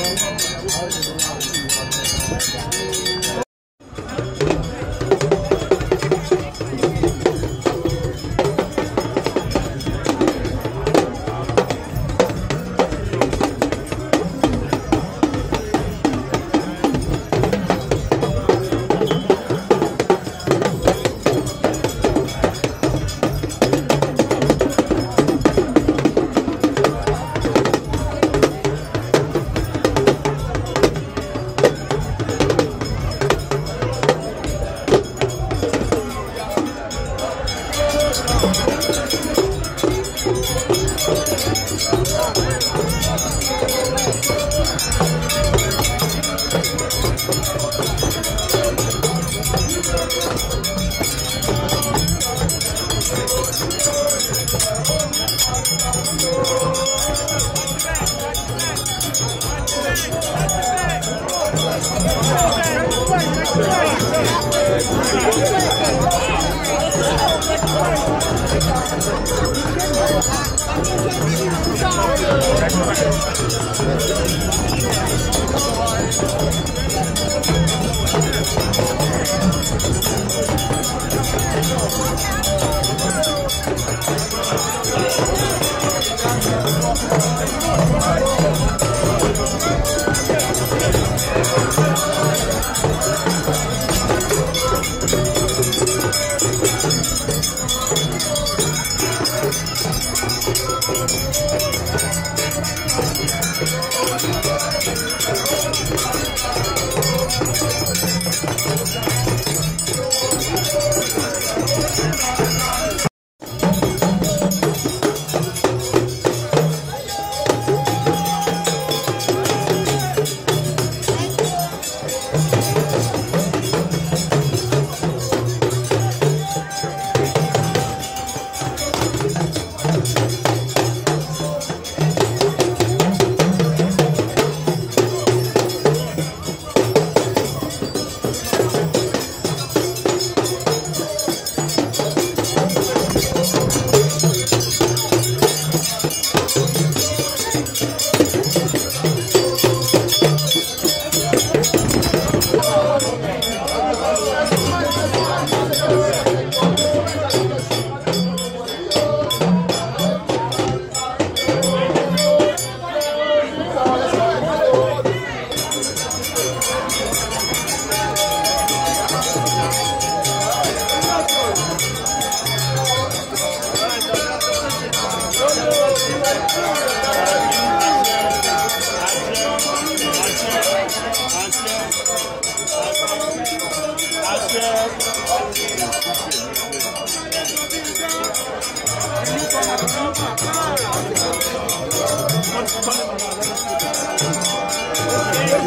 Thank you. 完成。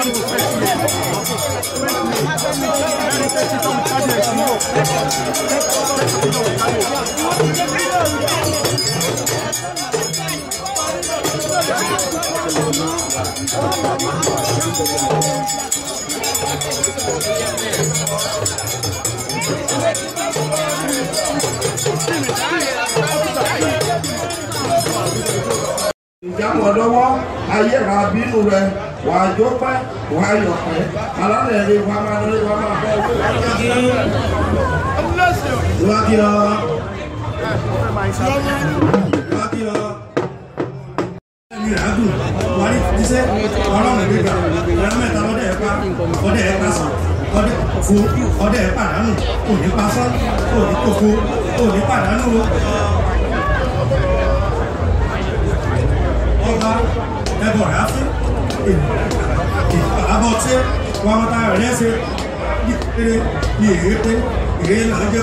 ìjámọ̀ lọ́wọ́ ayé ra bínú rẹ wà á jó pẹ́ wà á yọ̀ pẹ́ alálẹ̀ rí wà á máa lórí wà á máa bọ́ ìwádìí ọ. ìwádìí ọ. ẹni rà á dùn wà á ní sẹ́ ọlọ́run mi gbà ẹ̀rọ mẹ́ta lọ́dẹ̀ ẹ̀ pa ọdẹ̀ ẹ̀ pa sàn ọdẹ fo ọdẹ pàdánù òní pasán òní kòkó òní pàdánù ọba ẹbọra fún àbọ̀tí wọn bá tara rẹ̀ ṣe ní kéré ní èrè pé èrè là ń jẹ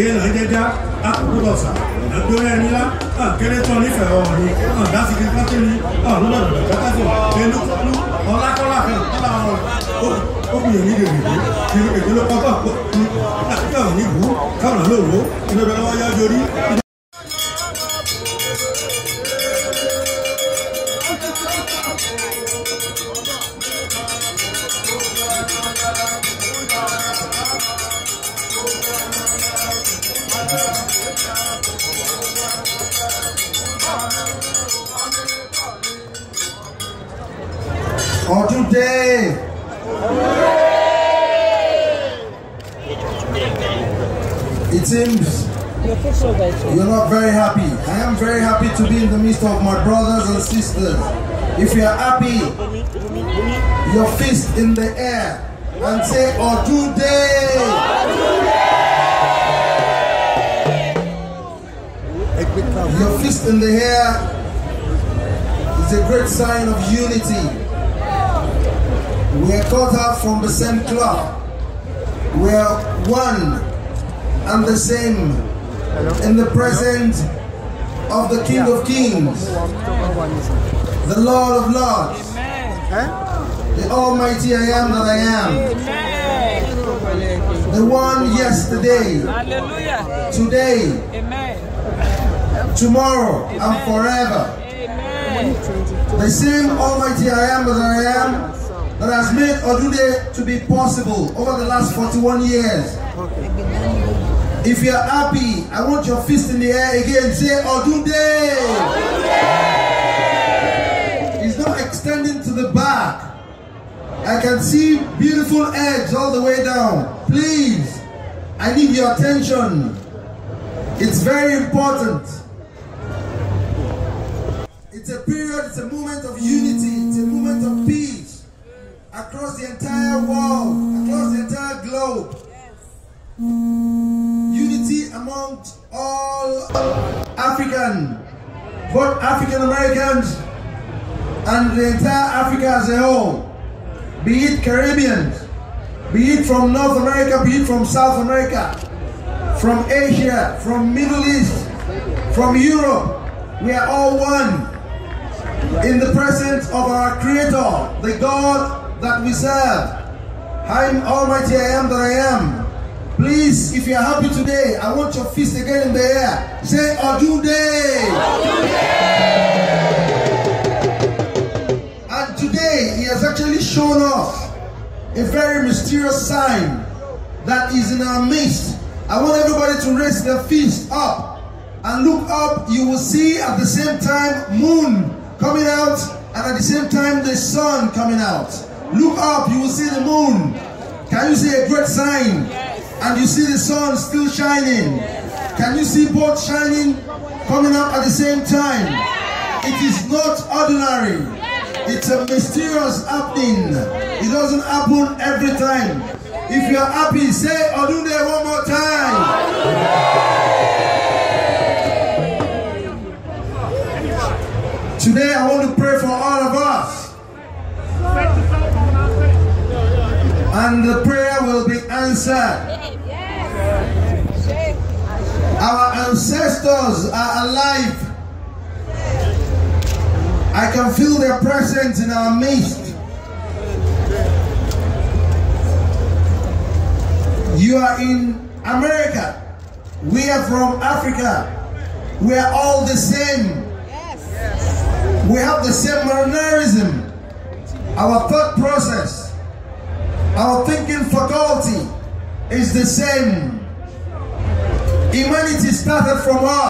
èrè là ń jẹ já àkókò lọ́sà àdóyè nílá àkéré tán nífẹ̀ẹ́ ọ̀rọ̀ àdásíkè kátìrì àlọ́dọ̀dọ̀ kátàfọ̀ ẹnukọ́lú ọlákọ́lá kan kọ́lá ọ̀rọ̀ ó kù yẹn ní gèrè ìlú ìlú kọ́kọ́ àkókò àti àwọn onígbù káwọn lówó ìlú ọ̀dọ́ For today. It seems you're not very happy. I am very happy to be in the midst of my brothers and sisters. If you are happy, your fist in the air and say, or today. Your fist in the air is a great sign of unity. We are cut out from the same cloth. We are one and the same in the presence of the King of Kings, the Lord of Lords, the Almighty I am that I am, the one yesterday, today, tomorrow, and forever. The same Almighty I am that I am that has made Odude to be possible over the last 41 years. If you're happy, I want your fist in the air again. Say Odude! It's not extending to the back. I can see beautiful edge all the way down. Please, I need your attention. It's very important. It's a period, it's a moment of unity across the entire world, across the entire globe. Unity among all African, both African Americans and the entire Africa as a whole, be it Caribbean, be it from North America, be it from South America, from Asia, from Middle East, from Europe, we are all one in the presence of our Creator, the God that we serve. I am almighty, I am that I am. Please, if you are happy today, I want your fist again in the air. Say, Odunde! day. And today, he has actually shown us a very mysterious sign that is in our midst. I want everybody to raise their fist up and look up. You will see at the same time moon coming out and at the same time the sun coming out. Look up, you will see the moon. Can you see a great sign? And you see the sun still shining. Can you see both shining coming up at the same time? It is not ordinary. It's a mysterious happening. It doesn't happen every time. If you are happy, say and the prayer will be answered. Our ancestors are alive. I can feel their presence in our midst. You are in America. We are from Africa. We are all the same. We have the same mannerism, our thought process. Our thinking faculty is the same. Humanity started from us.